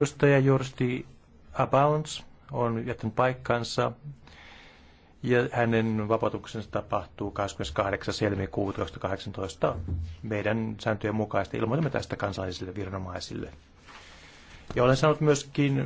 Edustaja Jursti Abounds on jättänyt paikkansa ja hänen vapautuksensa tapahtuu 28. helmikuuta 2018 meidän sääntöjen mukaisesti. Ilmoitamme tästä kansallisille viranomaisille. Ja olen saanut myöskin